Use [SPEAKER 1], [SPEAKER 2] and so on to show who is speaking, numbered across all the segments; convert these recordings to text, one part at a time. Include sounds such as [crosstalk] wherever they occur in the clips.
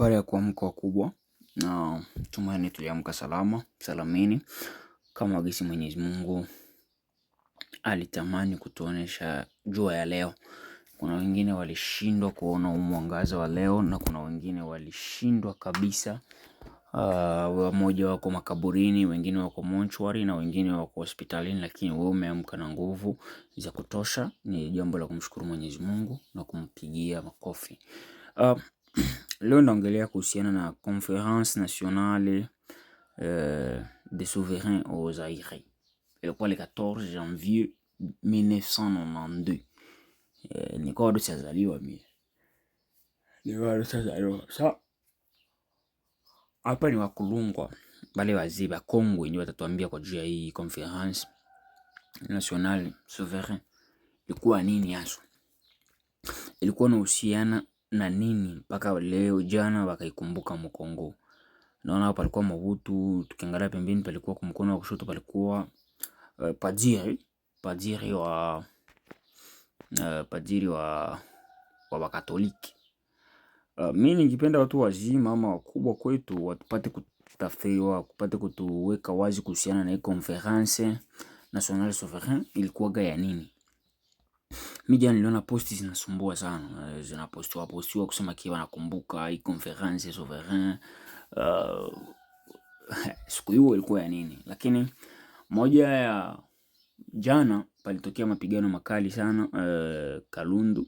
[SPEAKER 1] safari ya kuamka wakubwa na tumaini tuliamka salama salamini kama gisi Mwenyezi Mungu alitamani kutuonesha jua ya leo. Kuna wengine walishindwa kuona umwangaza wa leo na kuna wengine walishindwa kabisa. Uh, wamoja wako makaburini, wengine wako monchwari na wengine wako hospitalini, lakini wewe umeamka na nguvu za kutosha. Ni jambo la kumshukuru Mwenyezi Mungu na kumpigia makofi. Uh, Leo naongelea kuhusiana na Conference Nationale euh, des Souverains au Zaire. Ilikuwa le 14 janvier 1992. E, nilikuwa bado sijazaliwa mimi. Nilikuwa bado sijazaliwa. Sasa hapa ni wakulungwa wale wazee wa Kongo wenyewe watatuambia kwa juu ya hii Conference Nationale Souverain ilikuwa nini hasa. Ilikuwa inahusiana na nini mpaka leo jana wakaikumbuka Mkongo. Naona hapo palikuwa Mobutu, tukiangalia pembeni palikuwa kwa mkono wa kushoto palikuwa uh, Padiri, Padiri wa uh, Padiri wa wa Wakatoliki. Uh, eh, mimi ningependa watu wazima ama wakubwa kwetu watupate kutafsiriwa, kupate kutuweka wazi kuhusiana na hii conference national souverain ilikuwaga ya nini? media niliona posti zinasumbua sana, eh, zinapostiwa postiwa kusema kiwa nakumbuka i conference sovereign uh, [laughs] siku hiyo ilikuwa ya nini, lakini moja ya jana palitokea mapigano makali sana uh, Kalundu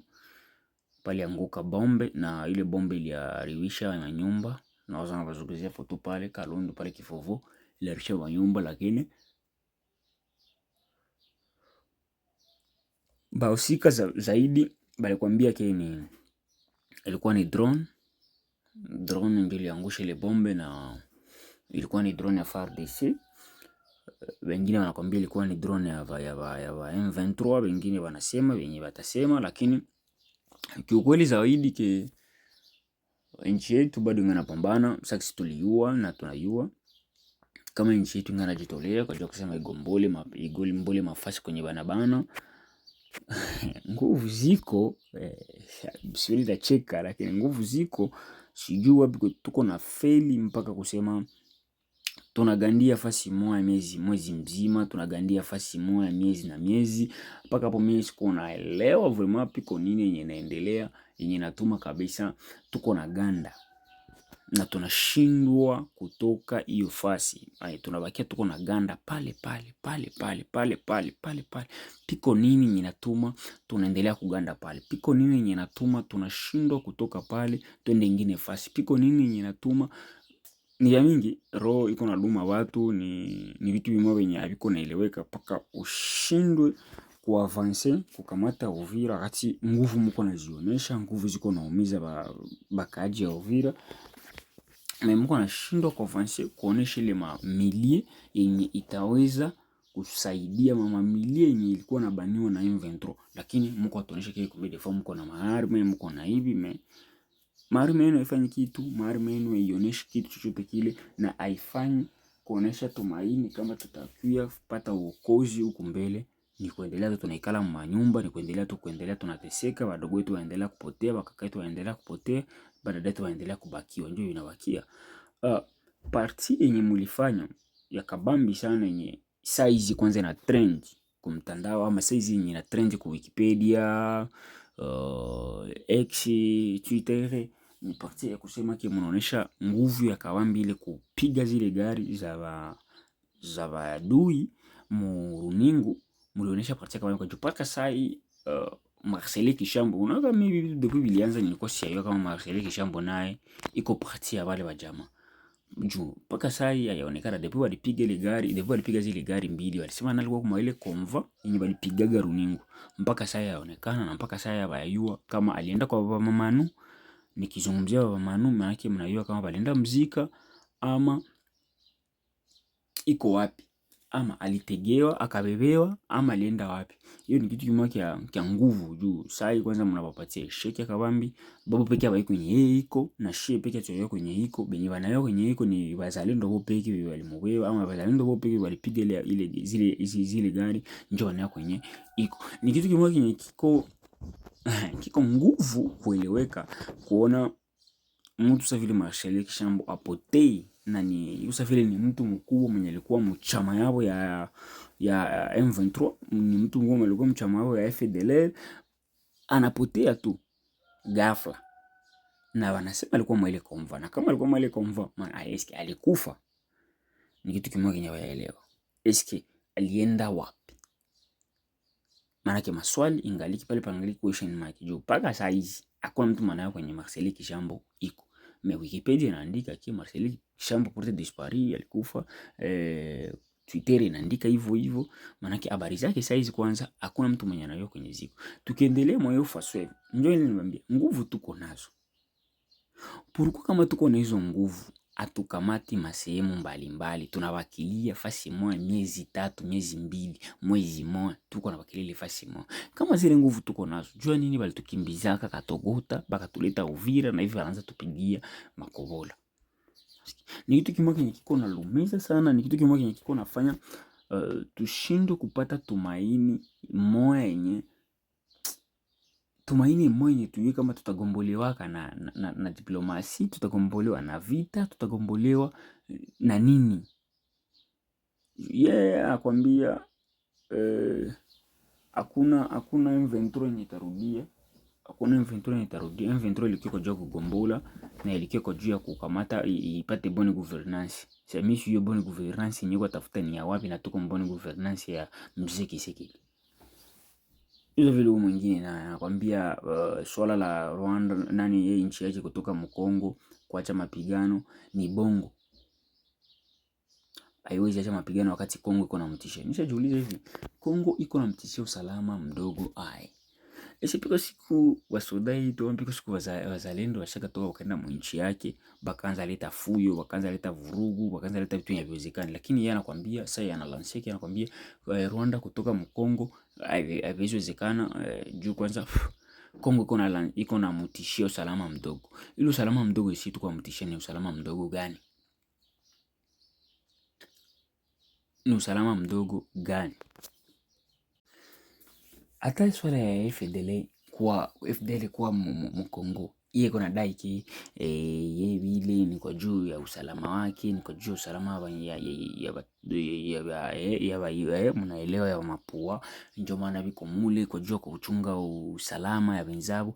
[SPEAKER 1] palianguka bombe na ile bombe ilihariwisha manyumba, naweza nawazunguzia foto pale Kalundu pale Kivuvu ilihariwisha manyumba lakini bahusika za, zaidi balikwambia ke ni ilikuwa ni drone drone ndio iliangusha ile bombe na ilikuwa ni drone ya FARDC. Wengine wanakwambia ilikuwa ni drone ya ya ya ya, ya M23, wengine wanasema wenye watasema, lakini kiukweli zaidi ke nchi yetu bado inapambana. Sasa tuliua na tunayua kama nchi yetu inajitolea kwa kusema igombole ma, igombole mafasi kwenye banabana [laughs] Nguvu ziko, eh, siwezi tacheka lakini nguvu ziko, sijui wapi tuko feli mpaka kusema tunagandia fasi moya mwezi mzima, tunagandia fasi moja miezi na miezi, mpaka hapo mimi siko naelewa vraiment piko nini yenye inaendelea yenye inatuma kabisa tuko na ganda na tunashindwa kutoka hiyo fasi. Hai, tunabakia tuko na ganda pale pale pale pale pale pale pale pale. Piko nini nyinatuma tunaendelea kuganda pale? Piko nini nyinatuma tunashindwa kutoka pale twende ingine fasi? Piko nini nyinatuma ni ya mingi roho iko na duma watu ni, ni vitu vimwe vyenye haviko naeleweka paka ushindwe kuavanse kukamata Uvira wakati nguvu mko nazionesha, nguvu ziko naumiza bakaaji ya Uvira. Mungu anashindwa kuonesha ile mamilie yenye itaweza kusaidia mama milie yenye ilikuwa nabaniwa na M23, lakini Mungu atuonesha kile kumbe fo, mko na maarme, mko na hivi me maarme yenu haifanyi kitu, maarme yenu haioneshi kitu chochote kile, na haifanyi kuonesha tumaini kama tutakuya kupata uokozi huku mbele. Ni kuendelea tu tunaikala manyumba, ni kuendelea tu kuendelea tunateseka, wadogo wetu waendelea kupotea, wakaka wetu waendelea kupotea. Bernadette waendelea kubakiwa, ndio inabakia uh, parti yenye mulifanya ya kabambi sana, yenye size kwanza na trend kumtandao ama size yenye na trend ku Wikipedia, uh, X, Twitter ni parti ya kusema ki mnaonesha nguvu ya kabambi ile kupiga zile gari za ba, za badui muruningu mulionesha parti ya kabambi kwa mpaka sai uh, marcele Kishambo unaona, mimi depuis bilianza nilikuwa sielewa kama Marcel Kishambo naye iko parti ya wale wajama juu mpaka sasa yaonekana, depuis walipiga ile gari, depuis walipiga zile gari mbili, walisema nalikuwa kwa ile konva yenye walipigaga runingu, mpaka sasa yaonekana na mpaka sasa bayajua kama alienda kwa baba Mamanu. Nikizungumzia baba Mamanu, maana yake mnajua kama walienda mzika ama iko wapi ama alitegewa akabebewa ama alienda wapi. Hiyo ni kitu kimoja kya nguvu juu sai kwanza mnapapatia sheke kabambi babu peke yao kwenye yeye iko na shie peke yao kwenye iko benye banayo kwenye iko ni wazalendo wao peke yao walimwewa ama wazalendo wao peke walipiga ile ile zile zile zile gari njoo wanayo kwenye iko. Ni kitu kimoja kwenye kiko [laughs] kiko nguvu kueleweka kuona mtu sasa vile Marshal Kishambo apotei na ni Yusa ni mtu mkubwa mwenye alikuwa mchama yao ya ya M23, ni mtu mkubwa mwenye alikuwa mchama yao ya FDLR, anapotea tu ghafla, na wanasema alikuwa mwele komva, na kama alikuwa mwele komva, maana ah, eske alikufa? Ni kitu kimoja kenye yaelewa, eske alienda wapi? Maana Maanake maswali ingaliki pale pangaliki question mark, juu paka saizi, hakuna mtu maana kwenye Marcel Kishambo iko mais Wikipedia inaandika ki Marcel Chambo Porte Disparu alikufa eh, Twitter inaandika hivyo hivyo, manake habari zake saizi kwanza hakuna mtu mwenye anayo kwenye ziko. Tukiendelea mwayo faswe, njoo ile nguvu tuko nazo. Purukua kama tuko na hizo nguvu atukamati masehemu mbalimbali, tunawakilia fasi moja miezi tatu, miezi mbili, mwezi moja, tuko na ile fasi moja. Kama zile nguvu tuko nazo, jua nini balitukimbizaka katogota bakatuleta Uvira na hivyo anaanza tupigia makobola. Ni kitu kimoja kenye kiko na lumiza sana, ni kitu kimoja kenye kiko nafanya uh, tushindwe kupata tumaini moya yenye tumaini mwenye tujue kama tutagombolewa na, na, na diplomasi, tutagombolewa na vita, tutagombolewa eh, na nini. Yeye yeah, akwambia eh, hakuna M23 yenye itarudia, hakuna m yenye itarudia. ilikuwa juu kugombola na ilikuwa juu ya kukamata ipate bonne gouvernance. Sasa mimi hiyo bonne gouvernance kwa tafuta ni ya wapi? Na tuko bonne gouvernance ya mziki sikili hizo vile mwingine na anakuambia uh, swala la Rwanda nani ye nchi yake kutoka Mkongo kuacha mapigano ni bongo, haiwezi acha mapigano wakati Kongo iko na mtisho. Nishajiuliza hivi, Kongo iko na mtisho usalama mdogo ai isipiko yaani siku wasudai tu ambiko siku wazalendo washaka toka wakaenda mwinchi yake, bakaanza leta fuyo, bakaanza leta vurugu, bakaanza leta vitu vinavyowezekana. Lakini yeye anakwambia sasa, yeye analansia anakwambia eh, Rwanda kutoka Mkongo haviwezekana eh, juu kwanza Kongo iko na iko na mtishio usalama mdogo. Ile usalama mdogo isi tu kwa mtishio ni usalama mdogo gani? Ni usalama mdogo gani? hata swala ya FDL kwa FDL kuwa Mkongo iye kuna dai ki e, ye vile ni kwa juu ya usalama wake, ni kwa juu ya usalama ya ya ya ya mnaelewa ya mapua, ndio maana viko mule kwa juu kwa kuchunga usalama ya wenzao.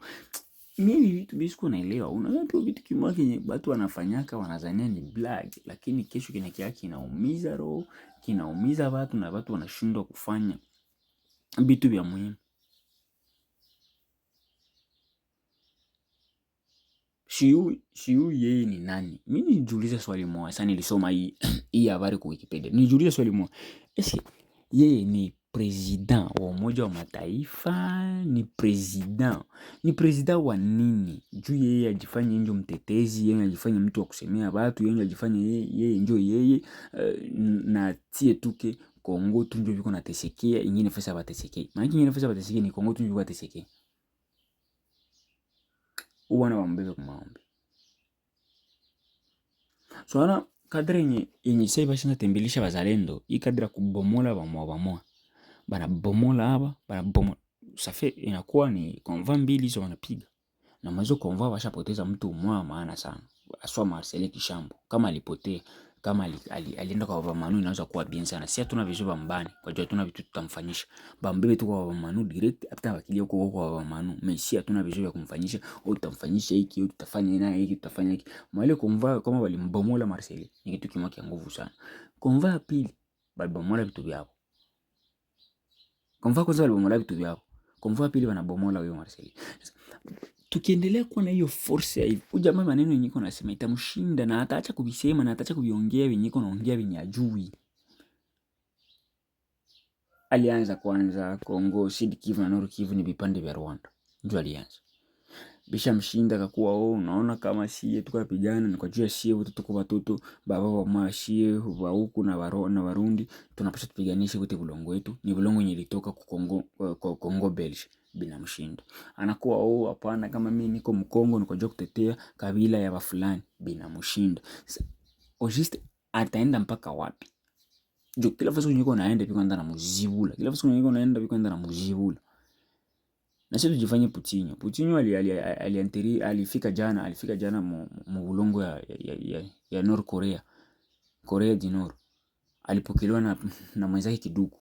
[SPEAKER 1] Mimi vitu bisi kuna elewa, unaona tu vitu kimwa kenye watu wanafanyaka wanazania ni black, lakini kesho kinakiaki inaumiza roho, kinaumiza watu na watu wanashindwa kufanya vitu vya muhimu. Shiui yeye ni nani? Mimi nijiulize swali moja sasa. Nilisoma hii [clears throat] hii habari kwa Wikipedia, nijiulize swali moja, eske yeye ni president wa Umoja wa Mataifa? Ni president, ni president wa nini? Juu yeye ajifanye njo mtetezi, yeye ajifanye mtu wa kusemea watu, yeye ajifanye yeye njo yeye, eh, na tie tuke Kongo tunjo biko nateseke, ingine fesa bateseke. Maana ingine fesa bateseke ni Kongo tunjo bateseke. Uwana wambebe kwa So ana kadri yenye yenye sasa basi natembelisha bazalendo, hii kadri kubomola ba mwa ba mwa. Bana bomola hapa, bana bomola. Safi inakuwa ni konva mbili hizo wanapiga. Na mwezo konva washapoteza mtu mwa maana sana. Aswa Marcel Kishambo kama alipotea kama alienda kwa Bamanu inaweza kuwa bien sana. Sisi hatuna vizu vya mbani, kwa hiyo hatuna vitu tutamfanyisha. Bambebe tu kwa Bamanu direct hata wakilia huko kwa Bamanu. Mimi sisi hatuna vizu vya kumfanyisha, au tutamfanyisha hiki, au tutafanya naye hiki, tutafanya hiki. Mwale kumva kama walimbomola Marcelo. Ni kitu kimoja kia nguvu sana. Kumva pili, walibomola vitu vyao. Kumva kwanza walibomola vitu vyao. Kumva pili wanabomola huyo Marcelo tukiendelea kuwa na hiyo force ya hivi, ujamaa maneno yenye iko nasema itamshinda na ataacha kuvisema na ataacha kuviongea yenye iko naongea yenye ajui. Alianza kwanza Kongo, Sud Kivu na Nord Kivu ni vipande vya Rwanda, ndio alianza bisha mshinda kakuwa o, oh, unaona kama sie tukapigana ni kwa juu ya sie wote tuko watoto baba wa mashie wa huku na waro na Warundi tunapaswa tupiganishe wote, bulongo wetu ni bulongo yenye ilitoka ku Kongo, eh, Kongo Belge bila mshindo. Anakuwa oh, hapana, kama mimi niko Mkongo niko jo kutetea kabila ya wafulani bila mshindo. Ojist ataenda mpaka wapi? Jo, kila fasi kunyiko naenda piko enda na muzibula. Kila fasi kunyiko naenda piko enda na muzibula. Na sisi tujifanye Putinyo. Putinyo ali ali ali alifika jana, alifika jana mu bulongo ya, ya, ya, ya North Korea. Korea di Nord. Alipokelewa na, na mwenzake kidugu.